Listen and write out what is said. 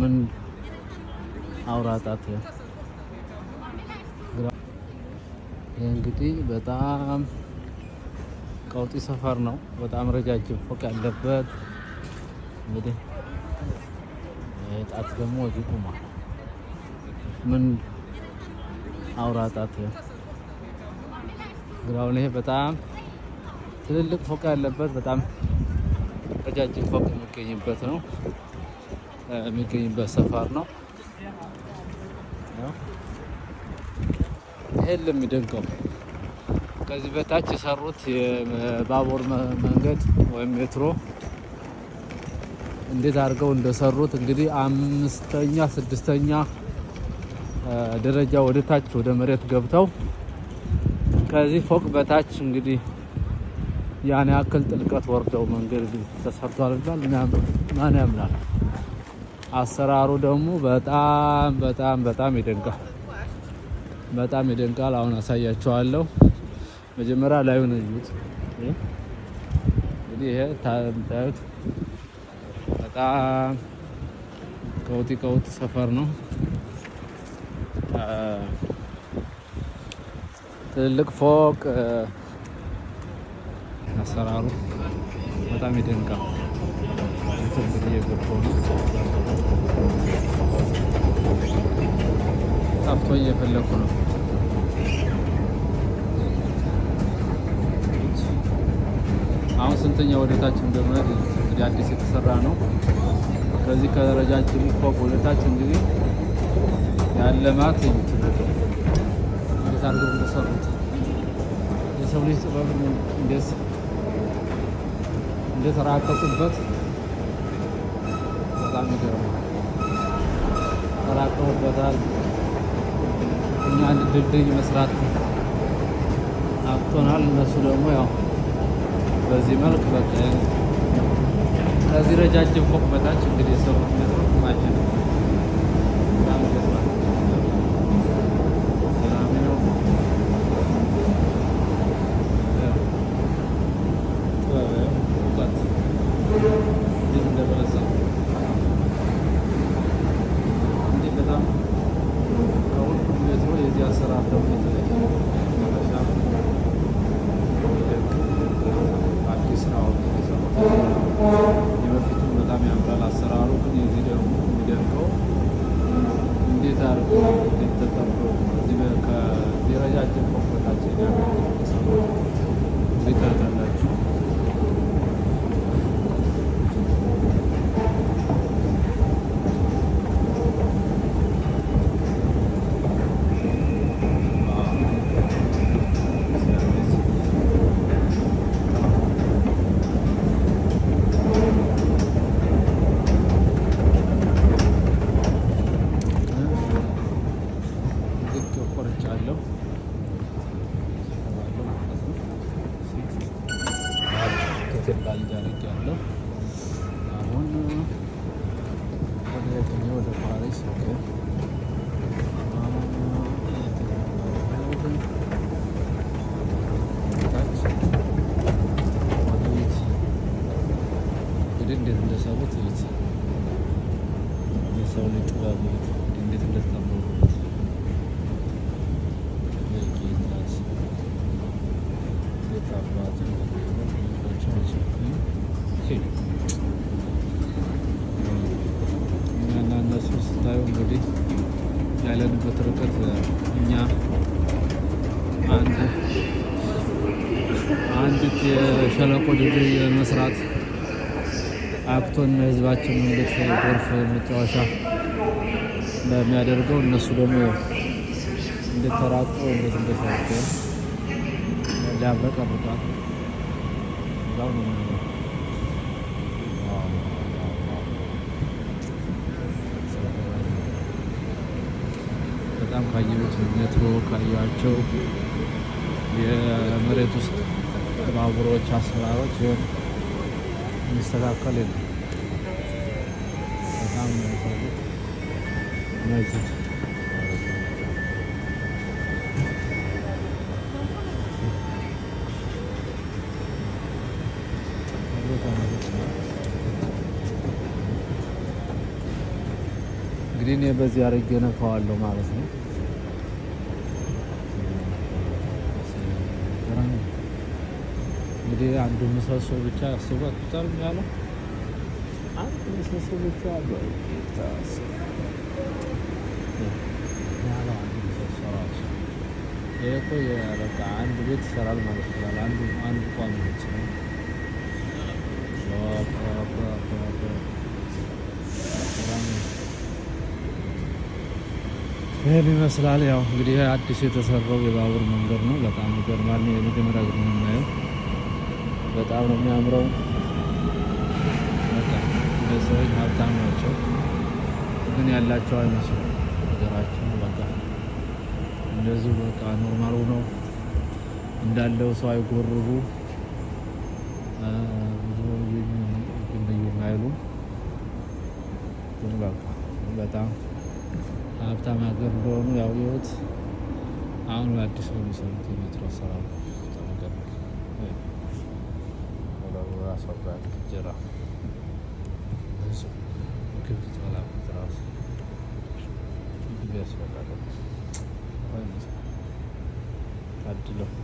ምን አውራጣት ይህ እንግዲህ በጣም ቀውጢ ሰፈር ነው። በጣም ረጃጅም ፎቅ ያለበት እንግዲህ ጣት ደግሞ እዚህ ቁሟል። ምን አውራጣት ግራውን ይሄ በጣም ትልልቅ ፎቅ ያለበት በጣም ረጃጅም ፎቅ የሚገኝበት ነው። የሚገኝበት ሰፈር ነው። ይሄን ለሚደንቀው ከዚህ በታች የሰሩት የባቡር መንገድ ወይም ሜትሮ እንዴት አድርገው እንደሰሩት እንግዲህ አምስተኛ ስድስተኛ ደረጃ ወደ ታች ወደ መሬት ገብተው ከዚህ ፎቅ በታች እንግዲህ ያን ያክል ጥልቀት ወርደው መንገድ ተሰርቷል ይባል ማን ያምናል? አሰራሩ ደግሞ በጣም በጣም በጣም ይደንቃል። በጣም ይደንቃል። አሁን አሳያችኋለሁ። መጀመሪያ ላዩን እዩት። እንግዲህ ይሄ ታዩት በጣም ከውጢ ከውጢ ሰፈር ነው። ትልቅ ፎቅ አሰራሩ በጣም ይደንቃል። ትልቅ እየገባው ነው ሽቶ እየፈለኩ ነው። አሁን ስንተኛ ወደታች እንደሆነ እንግዲህ አዲስ የተሰራ ነው። ከዚህ ከረጃጅሙ ፎቅ ወደታች እንግዲህ ያለማት የምትነቀ እንዴት አድርገው እንደሰሩት የሰው ልጅ ጥበብ እንዴት እንደተራቀቁበት በጣም ይገርማል። ተራቀቁበታል። እኛ አንድ ድልድይ መስራት አቅቶናል። እነሱ ደግሞ ያው በዚህ መልክ በቃ ከዚህ ረጃጅም ፎቅ በታች እንግዲህ የሰሩት ሜትሮ ማችን ባል ዳረግ ያለው አሁን ወደ የትኛ ወደ ፓሪስ ኦኬ እንዴት እንደሰሩት እዩት። የሰው ልጅ ጥበብ እዩት እንዴት ርቀት እኛ አንዲት የሸለቆ ድልድይ መስራት አክቶን ህዝባችን እንዴት ጎልፍ መጫወቻ እንደሚያደርገው እነሱ ደግሞ እንዴት እንዴት እንደሰርተ ሊያብረቀርቃል ዛው ነው በጣም ካየሁት ሜትሮ ካያቸው የመሬት ውስጥ ባቡሮች አሰራሮች ይሆን የሚስተካከል የለም። በጣም እነዚህ እንግዲህ እኔ በዚህ አድርጌ ነካዋለሁ ማለት ነው። እንግዲህ አንዱ ምሰሶ ብቻ ያስባል ያለው አንድ ምሰሶ ብቻ ያለው አንድ ምሰሶ ራሱ ይህ እኮ በቃ አንድ ቤት ይሰራል ማለት ይችላል። አንዱ አንድ ቋሚ ቤት ነው። ይህን ይመስላል። ያው እንግዲህ አዲስ የተሰራው የባቡር መንገድ ነው። በጣም ይገርማል። የመጀመሪያ ጊዜ ነው የምናየው። በጣም ነው የሚያምረው። ሰዎች ሀብታም ናቸው፣ ግን ያላቸው አይመስሉ ሀገራችን በቃ እንደዚሁ በቃ ኖርማል ሆነው እንዳለው ሰው አይጎርሩ አይሉ ግን በጣም ሀብታም ሀገር እንደሆኑ ያው ይወት አሁን አዲስ ነው የሚሰሩት የሜትሮ አሰራሩ teras lah sobat jerah mungkin kita malam teras itu biasa kata apa ini adalah